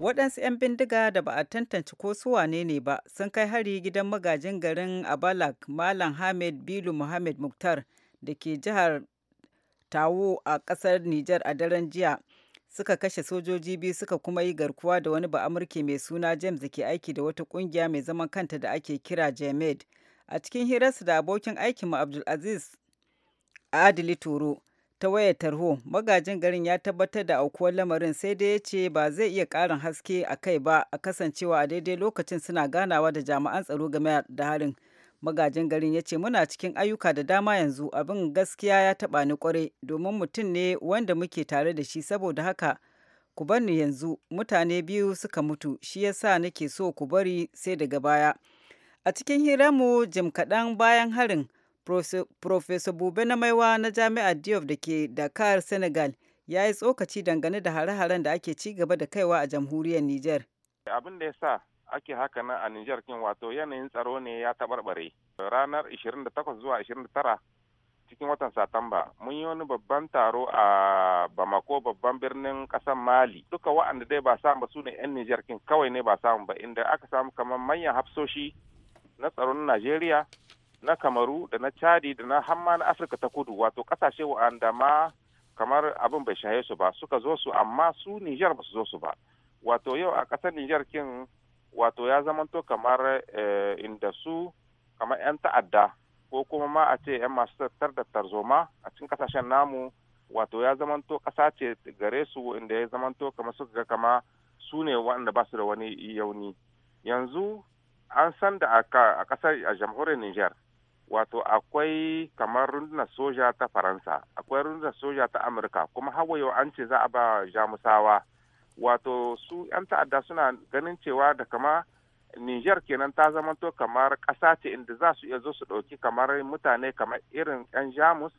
waɗansu 'yan bindiga da ba a tantance ko su wane ne ba sun kai hari gidan magajin garin abalak malam hamed bilu muhammad muktar da ke jihar tawo a ƙasar nijar a daren jiya suka kashe sojoji biyu suka kuma yi garkuwa da wani ba ba'amurke mai suna james da ke aiki da wata ƙungiya mai zaman kanta da ake kira jamed a cikin hirarsu da abokin aikinmu abdulaziz adili toro. ta wayar tarho magajin garin ya tabbatar da aukuwar lamarin sai dai ya ce ba zai iya karin haske a kai ba a kasancewa a daidai lokacin suna ganawa da jami'an tsaro game da harin magajin garin ya ce muna cikin ayyuka da dama yanzu abin gaskiya ya taɓa ni kwarai domin mutum ne wanda muke tare da shi saboda haka ku bar yanzu mutane biyu suka mutu shi yasa nake so ku bari sai daga baya a cikin hiranmu jim kaɗan bayan harin Profesa Bube na Maiwa na Jami'ar Diop da ke Dakar, Senegal, ya yi tsokaci dangane da hare-haren da ake ci gaba da kaiwa a jamhuriyar Nijar. Abin da ya sa ake haka nan a Nijar kin wato yanayin tsaro ne ya taɓarɓare. Ranar 28 zuwa 29 cikin watan Satamba mun yi wani babban taro a Bamako babban birnin ƙasar Mali. Duka wa'anda dai ba samu ba su ne 'yan Nijar kin kawai ne ba samu ba inda aka samu kamar manyan hafsoshi na tsaron Najeriya na kamaru da na chadi da na hamma na afirka ta kudu wato kasashe wa'anda ma kamar abin bai shaye su ba suka zo su amma su nijar ba su zo su ba wato yau a ƙasar nijar kin wato ya zamanto kamar eh, inda su kamar 'yan ta'adda ko kuma ma a ce 'yan masu tattar da tarzoma a cikin kasashen namu wato ya zamanto ƙasa ce gare su inda ya zamanto kamar suka ga kama su ne waɗanda ba su da wani yauni yanzu an san da a kasar a jamhuriyar nijar wato akwai kamar rundunar soja ta faransa akwai rundunar soja ta amurka kuma hawayo an ce za a ba jamusawa wato su 'yan ta'adda suna ganin cewa da kama niger kenan ta zamanto kamar ƙasa ce inda za su iya zo su ɗauki kamar mutane kamar irin 'yan jamus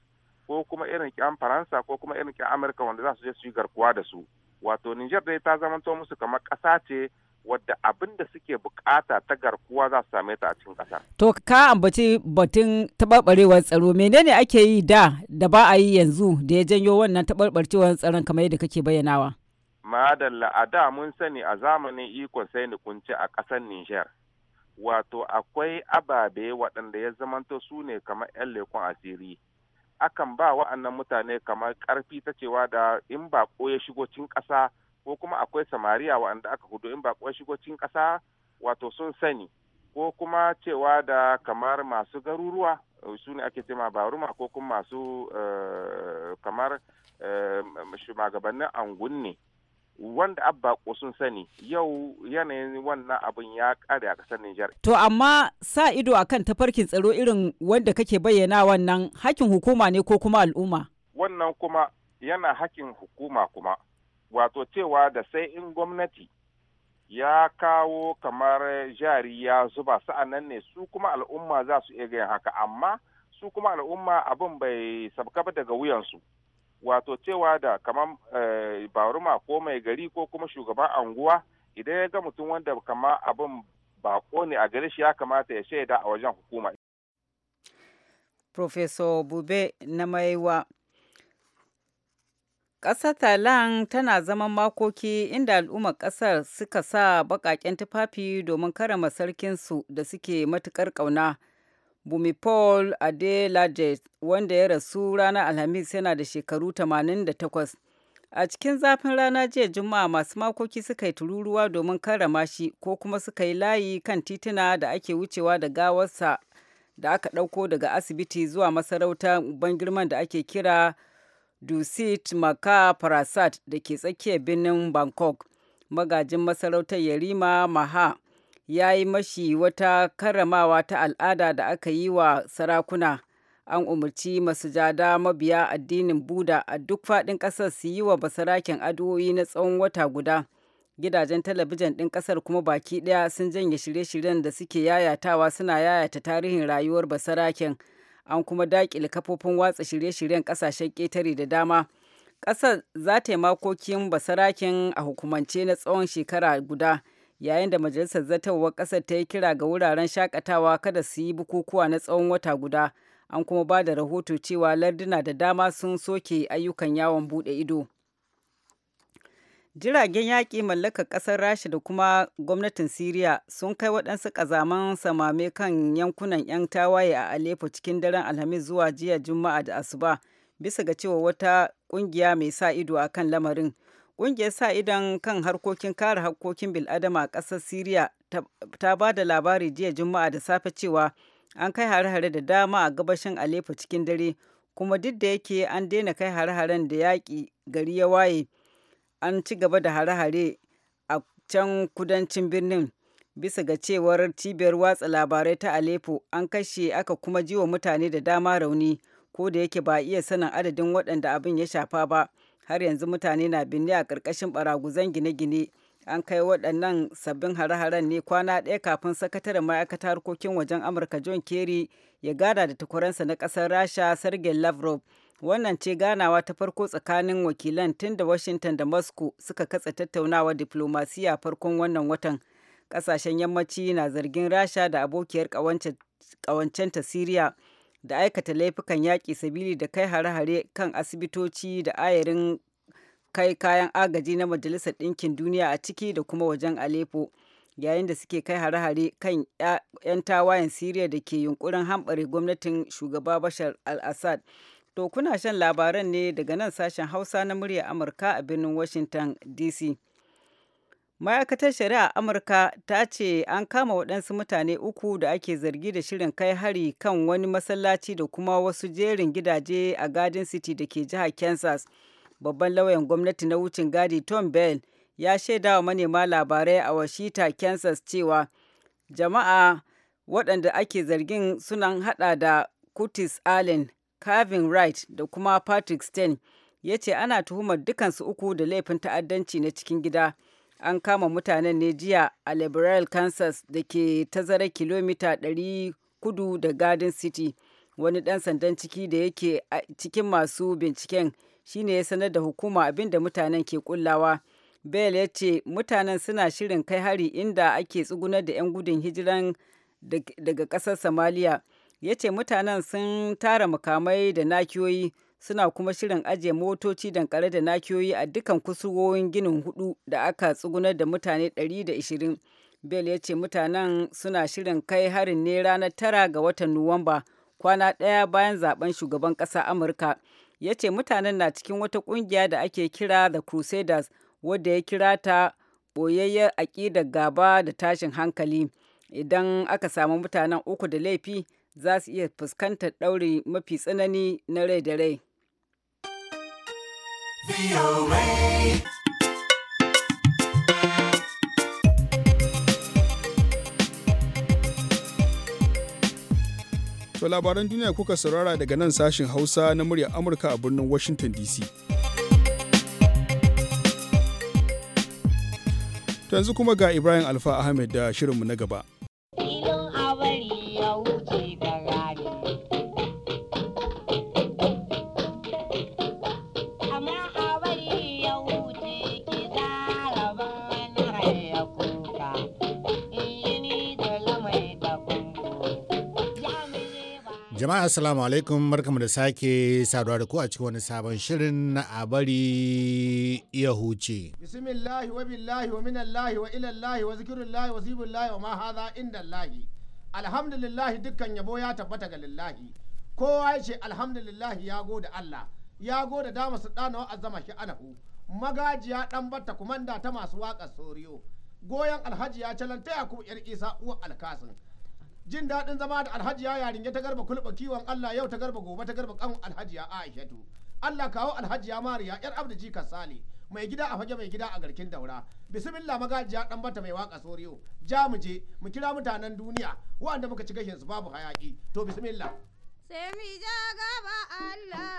ko kuma irin 'yan faransa ko kuma irin 'yan amurka wanda za su je su yi garkuwa da su wato niger dai ta zamanto musu kamar ƙasa ce wadda abin da suke bukata ta garkuwa za su same ta a cikin ƙasa. To ka ambaci batun taɓarɓarewar tsaro menene ake yi da da ba a yi yanzu da ya janyo wannan taɓarɓarcewar tsaron kamar yadda kake bayyanawa? Madalla a da mun sani a zamanin ikon sai ni kunce a ƙasar Nijar. Wato akwai ababe waɗanda ya zamanto su ne kamar 'yan lekun asiri. Akan ba wa'annan mutane kamar ƙarfi ta cewa da in baƙo ya shigo cikin ƙasa ko kuma akwai samariya waɗanda aka hudu in baƙon shigo ƙasa wato sun sani ko kuma cewa da kamar masu garuruwa eh, su ne ake cema baruma ko kuma masu eh, kamar eh, shugabannin angun ne wanda abba sun sani yau yanayin wannan abin ya kare a kasar Nijar. To amma sa ido akan tafarkin tsaro irin wanda kake bayyana wannan hakin hukuma ne ko kuma al'umma? Wannan kuma yana hakin hukuma kuma wato cewa da sai in gwamnati ya kawo kamar jari ya zuba sa'annan ne su kuma al'umma za su iya yin haka amma su kuma al'umma abin bai sabka ba daga wuyansu wato cewa da kamar eh, baruma ko mai gari ko kuma shugaban anguwa idan ya ga mutum wanda kama abin bako ne a gare shi ya kamata ya shaida a wajen hukuma. Professor Bube na maiwa Ƙasar Thailand tana zaman makoki inda al'ummar ƙasar suka sa baƙaƙen tufafi domin karama sarkinsu da suke matuƙar ƙauna. Bumipol Adelaide wanda ya rasu ranar Alhamis yana da shekaru 88. A cikin zafin rana jiya Juma'a masu makoki suka yi tururuwa domin karrama shi ko kuma suka yi layi kan tituna da ake wucewa da gawarsa da aka ɗauko daga asibiti zuwa masarautar ban girman da ake kira dusit maka prasad da ke tsakiyar birnin bangkok magajin masarautar yarima maha ya yi mashi wata karramawa ta al'ada da aka yi wa sarakuna an umarci masujada mabiya addinin buda a duk faɗin ƙasar su yi wa basaraken addu'o'i na tsawon wata guda gidajen talabijin ɗin ƙasar kuma baki ɗaya sun janye shirye-shiryen da suke yayatawa suna yayata tarihin rayuwar basaraken an kuma dakile kafofin watsa shirye-shiryen ƙasashen ƙetare da dama ƙasar za ta yi makokin basarakin a hukumance na tsawon shekara guda yayin da majalisar zartarwar ƙasar ta yi kira ga wuraren shakatawa kada su yi bukukuwa na tsawon wata guda an kuma ba da rahoto cewa larduna da dama sun soke ayyukan yawon buɗe ido Jiragen yaƙi mallaka ƙasar Rasha da kuma gwamnatin Siriya sun kai waɗansu ƙazaman samame kan yankunan 'yan tawaye a Aleppo cikin daren Alhamis zuwa jiya Juma'a da Asuba, bisa ga cewa wata ƙungiya mai sa ido a kan lamarin. Ƙungiyar sa idon kan harkokin kare harkokin bil'adama a ƙasar Siriya ta ba da labari jiya Juma'a da safe cewa an kai hare-hare da dama a gabashin Aleppo cikin dare, kuma duk da yake an daina kai hare-haren da yaƙi gari ya waye. an ci gaba da hare-hare a can kudancin birnin bisa ga cewar cibiyar watsa labarai ta Aleppo an kashe aka kuma jiwa mutane da dama rauni ko da yake ba iya sanin adadin waɗanda abin ya shafa ba har yanzu mutane na binne a ƙarƙashin baraguzan gine-gine an kai waɗannan sabbin hare-haren ne kwana ɗaya kafin sakataren ma'aikatar harkokin wajen amurka john kerry ya gada da tukuransa na ƙasar rasha sergei lavrov Wannan ce ganawa ta farko tsakanin wakilan tun da Washington da Moscow suka katse tattaunawa diplomasiya farkon wannan watan. kasashen yammaci na zargin Rasha da abokiyar ƙawancenta syria da aikata laifukan yaƙi sabili da kai hare-hare kan asibitoci da ayarin kai kayan agaji na Majalisar Ɗinkin Duniya a ciki da kuma wajen Aleppo. yayin da suke kai hare-hare kan 'yan tawayen syria da ke yunkurin hambare gwamnatin shugaba Bashar al-Assad. To kuna shan labaran ne daga nan sashen Hausa na murya Amurka a birnin Washington DC. Ma'aikatar Shari'a Amurka ta ce an kama waɗansu mutane uku da ake zargi da shirin kai hari kan wani masallaci da kuma wasu jerin gidaje a Garden City da ke jihar Kansas. Babban lauyan gwamnati na wucin gadi Tom Bell ya shaida wa manema labarai a Washita, Kansas cewa jama'a waɗanda ake zargin sunan hada da Curtis Allen Kavin Wright da kuma Patrick Stein ya ce ana tuhumar dukansu uku da laifin ta'addanci na cikin gida. An kama mutanen ne jiya a Liberal, Kansas da ke tazara kilomita 100 kudu da Garden City. Wani ɗan sandan ciki da yake cikin masu binciken Shi ne ya sanar da hukuma abinda da mutanen ke kullawa. Bell ya ce mutanen suna shirin kai hari inda ake tsugunar da 'yan gudun hijiran daga ƙasar Somalia. ya ce mutanen sun tara mukamai da nakiyoyi suna kuma shirin ajiye motoci dankare da nakiyoyi a dukkan kusurwoyin ginin hudu da aka tsugunar da mutane 120 bel ya ce mutanen suna shirin kai harin ne ranar tara ga watan nuwamba kwana ɗaya bayan zaben shugaban ƙasa amurka ya ce mutanen na cikin wata ƙungiya da ake kira the crusaders wadda ya kira ta ɓoyayyar aƙidar gaba da tashin hankali idan aka samu mutanen uku da laifi za su iya fuskantar ɗauri mafi tsanani na rai da rai. To labaran duniya kuka saurara daga nan sashin Hausa na muryar Amurka a birnin Washington DC. To yanzu kuma ga Ibrahim Alfa Ahmed da shirinmu na gaba. Jama'a assalamu alaikum barkamu da sake saduwa da ku a cikin wani sabon shirin na a bari iya huce. Bismillahi wa billahi wa minallahi wa ilallahi wa zikirullahi wa zibullahi wa ma indallahi. Alhamdulillahi dukkan yabo ya tabbata ga lillahi. Kowa ya ce alhamdulillahi ya da Allah. Ya goda dama su a azama shi anahu. Magajiya dan batta kumanda ta masu waƙa soriyo. Goyon alhaji ya calanta ya ku yar isa uwa alkasin. jin daɗin zama da alhajiya yaringe ta garba kulɓa kiwon Allah yau ta garba gobe ta garba kan alhajiya Aishatu Allah kawo alhajiya Mariya yar abda jika sale mai gida a fage mai gida a garkin daura bismillah magajiya dan bata mai waka soriyo ja mu je mu kira mutanen duniya waɗanda muka ci gashin su babu hayaki to bismillah sai mi gaba Allah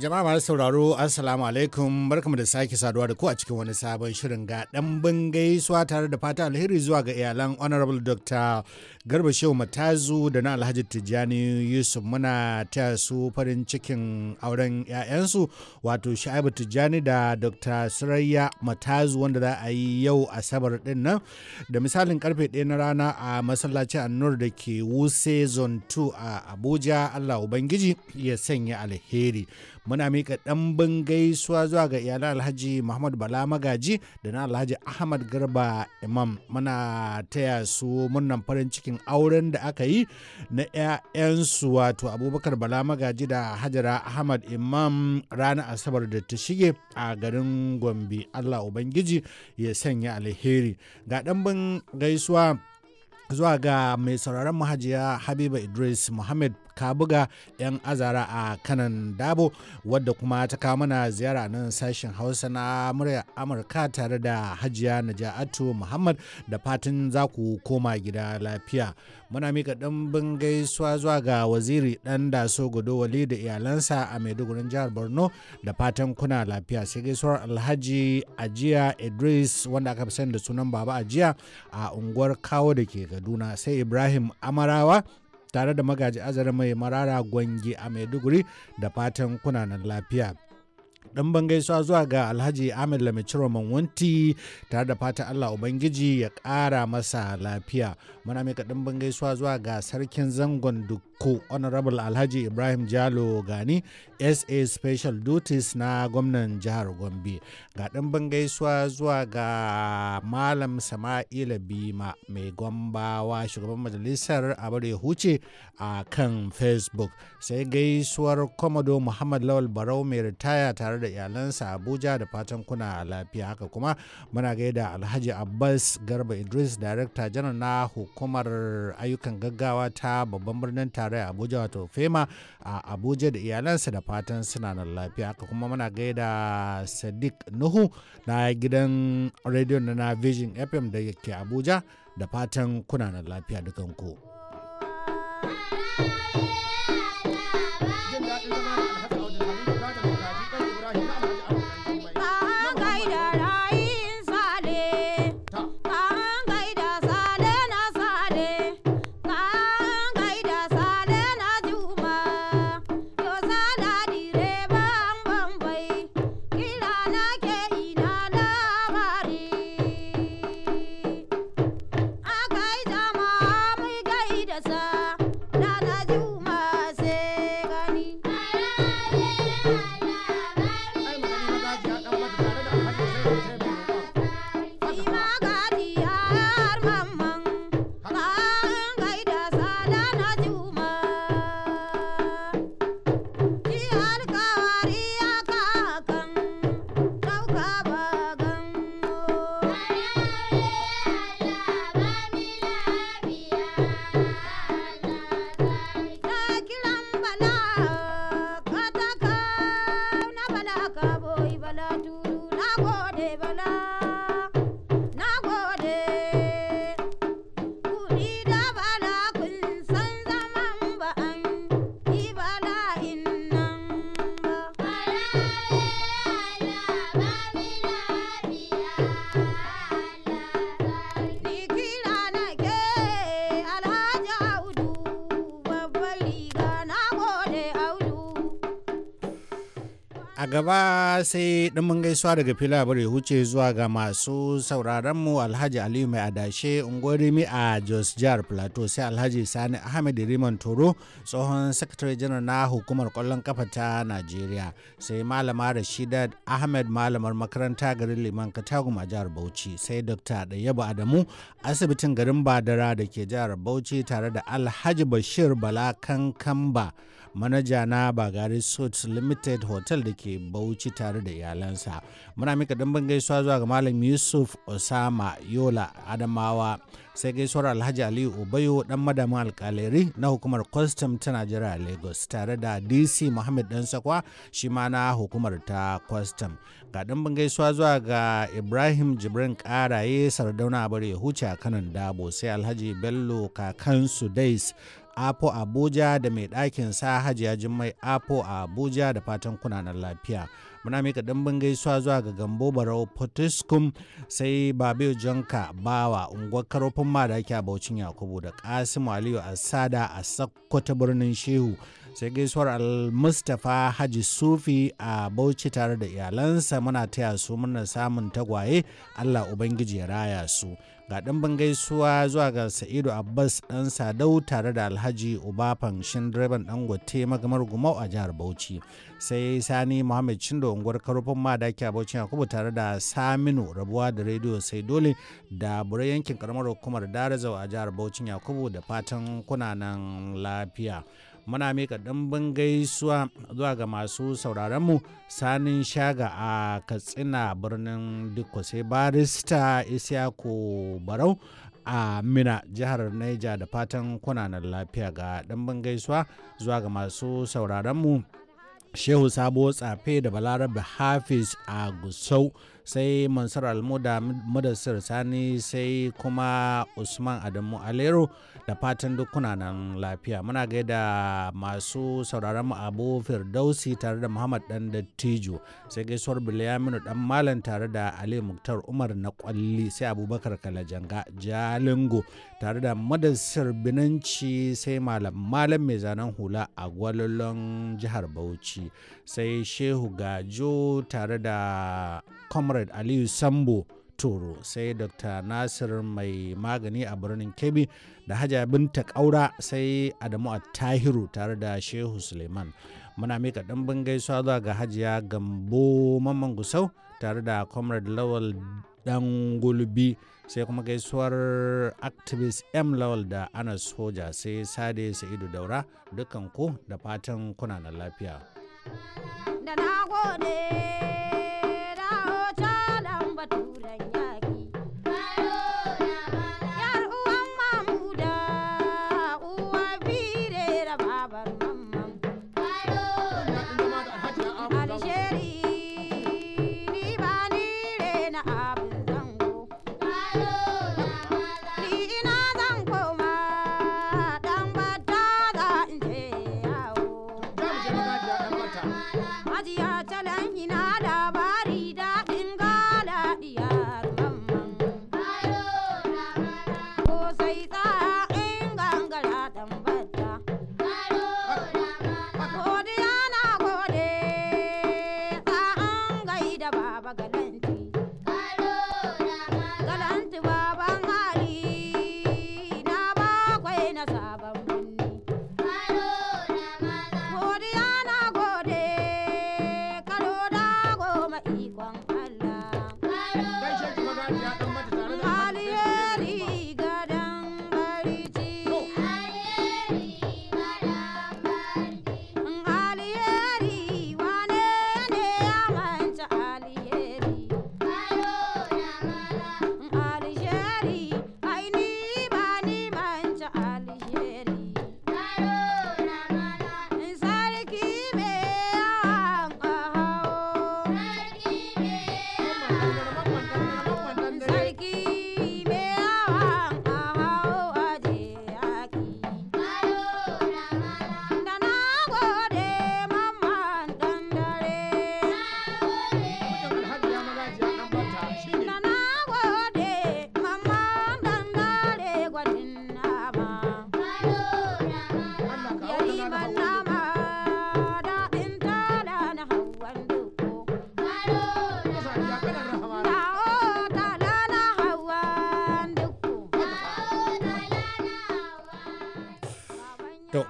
jama'a masu sauraro assalamu alaikum barkamu da sake saduwa da ku a cikin wani sabon shirin ga dan gaisuwa tare da fata alheri zuwa ga iyalan honorable dr garba shehu matazu da na alhaji tijjani yusuf muna taya su farin cikin auren 'ya'yansu wato sha'ibu tijjani da dr surayya matazu wanda za a yi yau asabar din nan da misalin karfe ɗaya na rana a masallacin annur da ke wuse zone 2 a abuja allah ubangiji ya sanya alheri muna mika bin gaisuwa zuwa ga iyalan alhaji muhammad bala magaji da na alhaji ahmad garba imam muna taya su murnan farin cikin auren da aka yi na 'ya'yansu wato abubakar bala magaji da hajara ahmad imam ranar asabar da ta shige a garin gombe allah ubangiji ya sanya alheri ga bin gaisuwa zuwa ga mai sauraron mahajiya habiba idris muhammad ka buga 'yan azara a kanan dabo wadda kuma ta kawo mana ziyara nan sashen hausa na murya amurka tare da hajiya naja'atu muhammad da fatan za ku koma gida lafiya muna mika ɗanbin gaisuwa zuwa ga waziri ɗan daso godo wali da iyalansa a maidugurin jihar borno da fatan kuna lafiya sai gaisuwar alhaji ajiya idris wanda aka fi sani da sunan baba ajiya a unguwar kawo da ke kaduna sai ibrahim amarawa tare da magaji azare mai marara gwangi a maiduguri da fatan kunanan lafiya dan ban gaisuwa zuwa ga alhaji ahmed lamichiro manwanti tare da fatan allah ubangiji ya kara masa lafiya muna mika dan ban gaisuwa zuwa ga sarkin zangon duk uku honorable alhaji ibrahim jalo gani sa special duties na gwamnan jihar gombe ga ɗimbin gaisuwa zuwa ga malam sama'ila bima mai gombawa shugaban majalisar abar huce a kan facebook sai gaisuwar komodo muhammad lawal barau mai ritaya tare da iyalansa abuja da fatan kuna lafiya haka kuma muna gaida alhaji abbas garba idris director general na hukumar ayyukan gaggawa ta babban birnin tare tarayya abuja wato fema a abuja da iyalansa da fatan suna nan lafiya haka kuma muna gaida sadiq nuhu na gidan radio na vision fm da ke abuja da fatan kuna nan lafiya dukanku. gaba sai mun gaisuwa daga fila ya huce zuwa ga masu sauraronmu alhaji aliyu mai adashe ungorimi a jos jihar plateau sai alhaji sani ahmed riman toro tsohon sakatare janar na hukumar kwallon kafa ta najeriya sai malama rashidat ahmed malamar makaranta garin liman katagum a jihar bauchi sai dr ɗayyaba adamu asibitin garin badara da ke jihar bauchi tare da alhaji bashir bala kankamba manaja na bagari suits limited hotel da ke bauchi tare da iyalansa muna mika dimbin gaisuwa zuwa ga malam yusuf osama yola adamawa sai gaisuwar alhaji aliyu ubayo dan madamin alkaleri na hukumar kwastam ta nigeria lagos tare da dc muhammad dan sakwa shi ma na hukumar ta kwastam ga dimbin gaisuwa zuwa ga ibrahim jibrin karaye sardauna bari ya huce a kanan dabo sai alhaji bello kakansu dais Apo Abuja da mai ɗakin sa Hajiya Jummai Apo a Abuja da fatan kunanan lafiya. Muna mika ɗimbin gaisuwa zuwa ga Gambo Barau Potiskum sai Babiu Jonka Bawa unguwar Karofin Madaki a Baucin Yakubu da Kasimu Aliyu Asada a Sakkwata birnin Shehu. sai gaisuwar al-mustapha haji sufi a bauchi tare da iyalansa muna taya su muna samun tagwaye allah ubangiji ya raya su ga ɗan gaisuwa zuwa ga sa'idu abbas ɗan sadau tare da alhaji uba fanshin direban dangote magamar gumau a jihar bauchi sai sani muhammad shindo unguwar karfin madaki a bauchi yakubu tare da saminu rabuwa da rediyo sai dole da bure yankin karamar hukumar darazau a jihar bauchi yakubu da fatan kuna nan lafiya muna mika ɗimbin gaisuwa zuwa ga masu sauraronmu sanin shaga a katsina birnin dikko barista isyaku barau a mina jihar naija da fatan kunanan lafiya ga ɗimbin gaisuwa zuwa ga masu sauraronmu shehu sabo tsafe da balarabe hafiz a gusau sai mansur almuda madasir sani sai kuma usman adamu alero da fatan dukuna nan lafiya muna gaida masu sauraron mu abu firdausi tare da muhammad dan dattijo sai gaisuwar bilyaminu dan malam tare da ali muktar umar na kwalli sai abubakar kalajanga jalingo tare da madasir binanci sai malam malam mai zanen hula a gwalolon jihar bauchi sai shehu gajo tare da comrade aliyu sambo toro sai dr nasir mai magani a birnin kebbi da hajja binta kaura sai adamu a Tahiru tare da shehu suleiman muna mika bin gaisuwa zuwa ga hajiya gambo mamman gusau tare da comrade lawal dan gulbi sai kuma gaisuwar activist m lawal da anas soja sai sade sa'idu daura dukkan ku da fatan kuna na lafiya da na gode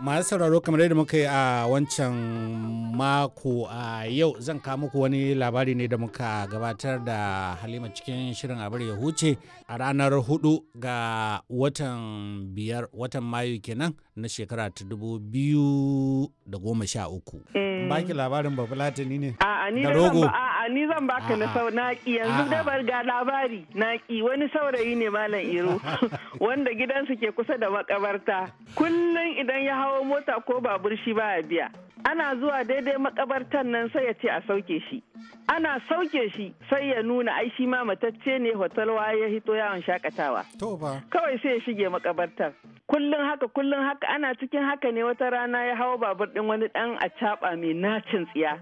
masu sauraro kamar yadda muka yi a wancan mako a yau zan kawo muku wani labari ne da muka gabatar da halima cikin shirin abar ya huce a ranar hudu ga watan biyar watan mayu kenan na shekara ta dubu biyu da goma sha uku. Eh. Baki labarin babu latini ne? A'a ni a'a ni zan baka na sau naki yanzu da ga labari naki wani saurayi ne malam Iro wanda gidansu ke kusa da makabarta kullum idan ya hawo mota ko babur shi ba biya. ana zuwa daidai makabartan nan sai ya ce a sauke shi ana sauke shi sai ya nuna ai shi ma matacce ne hotelwa ya hito yawon shakatawa kawai sai ya shige makabartar kullum haka kullum haka ana cikin haka ne wata rana ya hawa babur din wani dan a caba mai nacin tsiya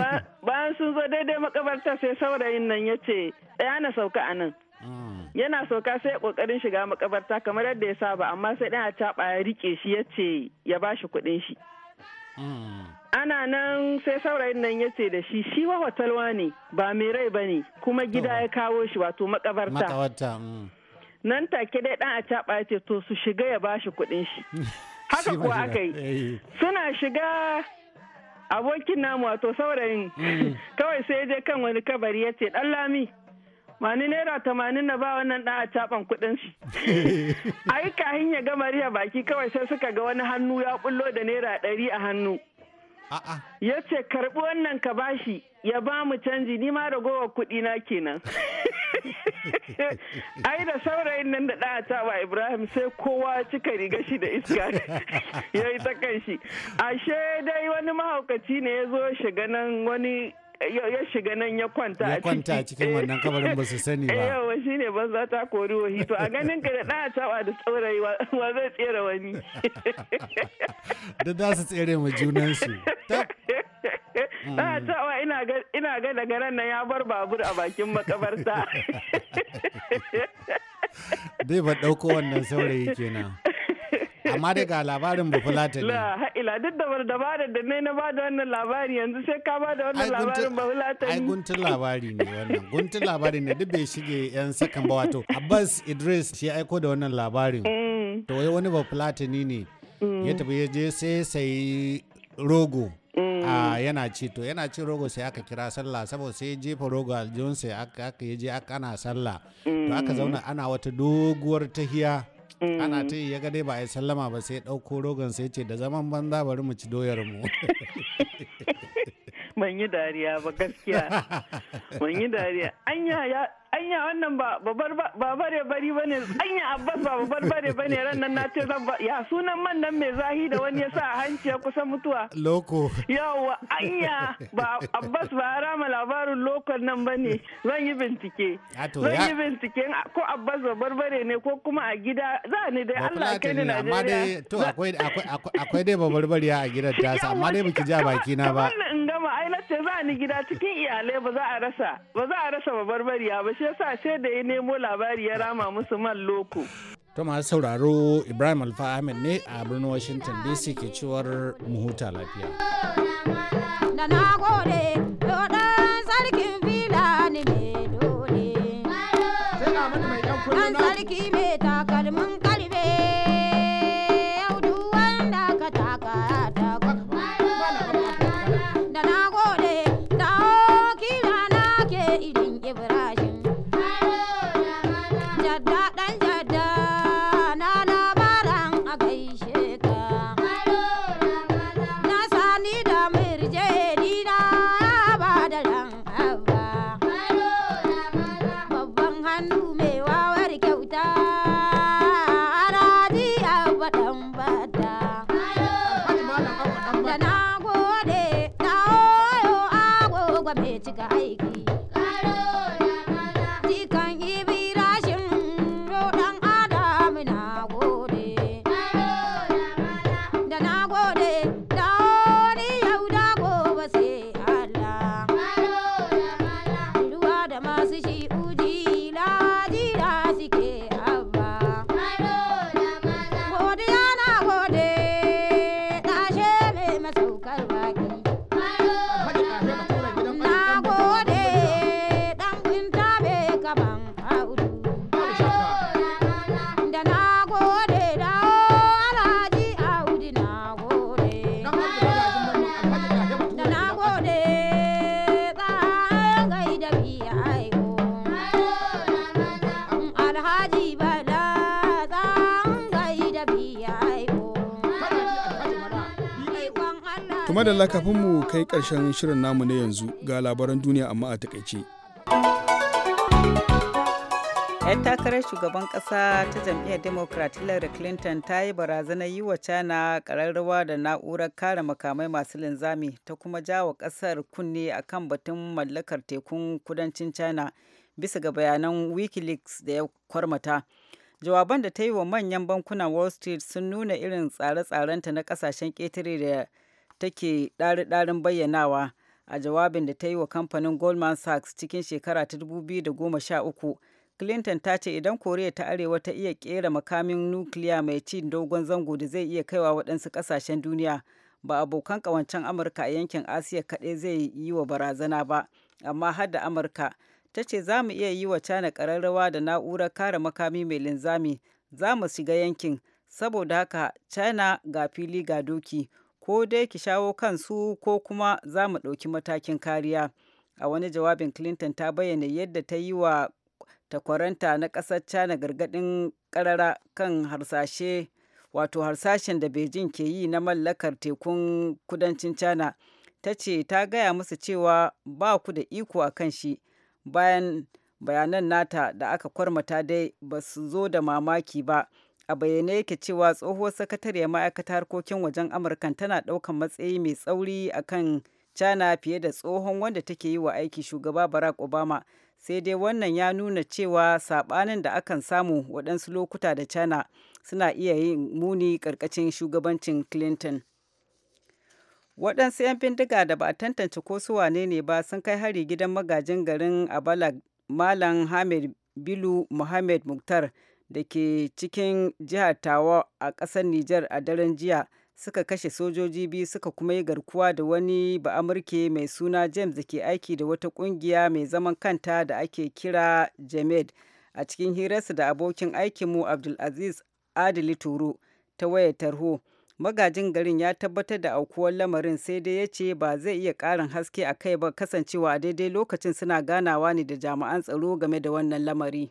bayan sun zo daidai makabartar sai saurayin nan ya ce ɗaya na sauka a nan hmm. yana sauka sai kokarin shiga makabarta kamar yadda ya saba amma sai dan a caba ya rike shi ya ce ya bashi kuɗin shi ana nan sai saurayin nan ya ce da shi shi wa watalwa ne ba mai rai ba ne kuma gida ya kawo shi wato makabarta mm. nan take dai dan a caɓa ya ce to su shiga ya ba shi kuɗin shi haka kuwa aka yi eh. suna shiga abokin namu wato saurayin mm. kawai sai ya je kan wani kabari ya ce dan lami wani naira tamanin na ba wannan ɗan a caɓan kuɗin shi yi kahin ya ga riya baki kawai sai suka ga wani hannu ya kullo da naira ɗari a hannu ya ce karɓi wannan ka bashi ya ba mu canji ni ma ragowar kuɗi na kenan ai da saurayin nan da ɗaya taɓa ibrahim sai kowa cika riga shi da iska ya yi ta kan shi ashe dai wani mahaukaci ne ya zo shiga nan wani ya shiga nan ya kwanta a ciki. Ya kwanta cikin wannan kabarin ba su sani ba. Eh, Yawa shi ne ta kori wahi to a ganin ka da ɗaya da saurayi wa zai tsere wani. Da za su tsere ma junansu. a ina ga daga ran nan ya bar babur a bakin makabarta. Dai ba ɗauko wannan saurayi kenan. amma daga ga labarin bafulata ne ila duk da bar dabarar da ne na ba da wannan labari yanzu sai ka ba da wannan labarin bafulata ne ai guntun labari ne wannan guntun labari ne duk bai shige yan sakan ba wato abbas idris shi aiko da wannan labarin mm. to wai wani bafulatani ne mm. ya tafi ya je sai sai rogo mm. a ah, yana ci to yana ci rogo sai aka kira sallah saboda sai jefa rogo aljihun sai aka je aka ana sallah to aka zauna ana wata doguwar tahiya ana mm. ta yi ya ga dai ba a yi sallama ba sai ɗauko rogon sai ce da zaman banza bari mu ci doyar mu ban yi dariya ba gaskiya ban yi dariya anya anya wannan ba ba bare bari bane anya abbas ba babar bare bane ran nan na ce zan ya sunan man nan mai zahi da wani ya sa a hanci ya kusa mutuwa loko yawa anya ba abbas ba rama labarin lokal nan bane zan yi bincike zan yi bincike ko abbas babar bare ne ko kuma a gida za ni dai Allah kai ni Najeriya amma dai to akwai akwai akwai dai babar bare a gidan ta amma dai muke ji a baki na ba wannan in gama ai na ce za ni gida cikin iyalai ba za a rasa ba za a rasa barbariya ba shi yasa sai da ya nemo labari ya rama musu man loko ta masu sauraro ibrahim alfa ahmed ne a birnin washington dc ke cewar mu huta lafiya da na gode Allah kafin mu kai ƙarshen shirin namu na yanzu ga labaran duniya amma a takaice. 'yan takarar shugaban ƙasa ta jam'iyyar democrat hillary clinton ta yi barazanar yi wa china kararrawa da na'urar kare makamai masu linzami ta kuma jawa ƙasar kunne a kan batun mallakar tekun kudancin china bisa ga bayanan wikileaks da ya kwarmata jawaban da ta yi wa manyan bankunan wall street sun nuna irin tsare-tsarenta na kasashen ƙetare da take ɗari-ɗarin bayyanawa a jawabin da ta yi wa kamfanin goldman sachs cikin shekara ta 2013 clinton ta ce idan koriya ta arewa ta iya kera makamin nukiliya mai ci dogon zango da zai iya kaiwa waɗansu ƙasashen duniya ba abokan ƙawancen amurka a yankin asiya kaɗai zai yi wa barazana ba amma har amurka ta ce za mu iya yi wa cana ƙararrawa da na'urar kare makami mai linzami za mu shiga yankin saboda haka china ga fili ga doki ko dai ki shawo kansu ko kuma za mu ɗauki matakin kariya a wani jawabin clinton ta bayyana yadda ta yi wa takwaranta na ƙasar china gargaɗin ƙarara kan harsashe wato harsashen da beijing ke yi na mallakar tekun kudancin china ta ce ta gaya musu cewa ba ku da iko a kan shi bayan bayanan nata da aka kwarmata dai ba su zo da mamaki ba a bayyane yake cewa tsohuwar sakatariyar ma'aikatar harkokin wajen amurka tana ɗaukan matsayi mai tsauri akan china fiye da tsohon wanda take yi wa aiki shugaba barack obama sai dai wannan ya nuna cewa saɓanin da akan samu waɗansu lokuta da china suna iya yin muni ƙarƙashin shugabancin clinton waɗansu 'yan bindiga da ba a tantance ko su wane ne ba sun kai hari gidan magajin garin abala malam hamid bilu muhammad muktar da ke cikin jihar Tawa a ƙasar Nijar a daren jiya suka kashe sojoji biyu suka kuma yi garkuwa da wani ba'amurke mai suna James da ke aiki da wata ƙungiya mai zaman kanta da ake kira Jamed a cikin hirarsa da abokin aikinmu Abdulaziz Adili turu ta wayar tarho. Magajin garin ya tabbatar da aukuwar lamarin sai dai ya ce ba zai iya ƙarin haske a kai ba kasancewa daidai lokacin suna ganawa ne da jami'an tsaro game da wannan lamari.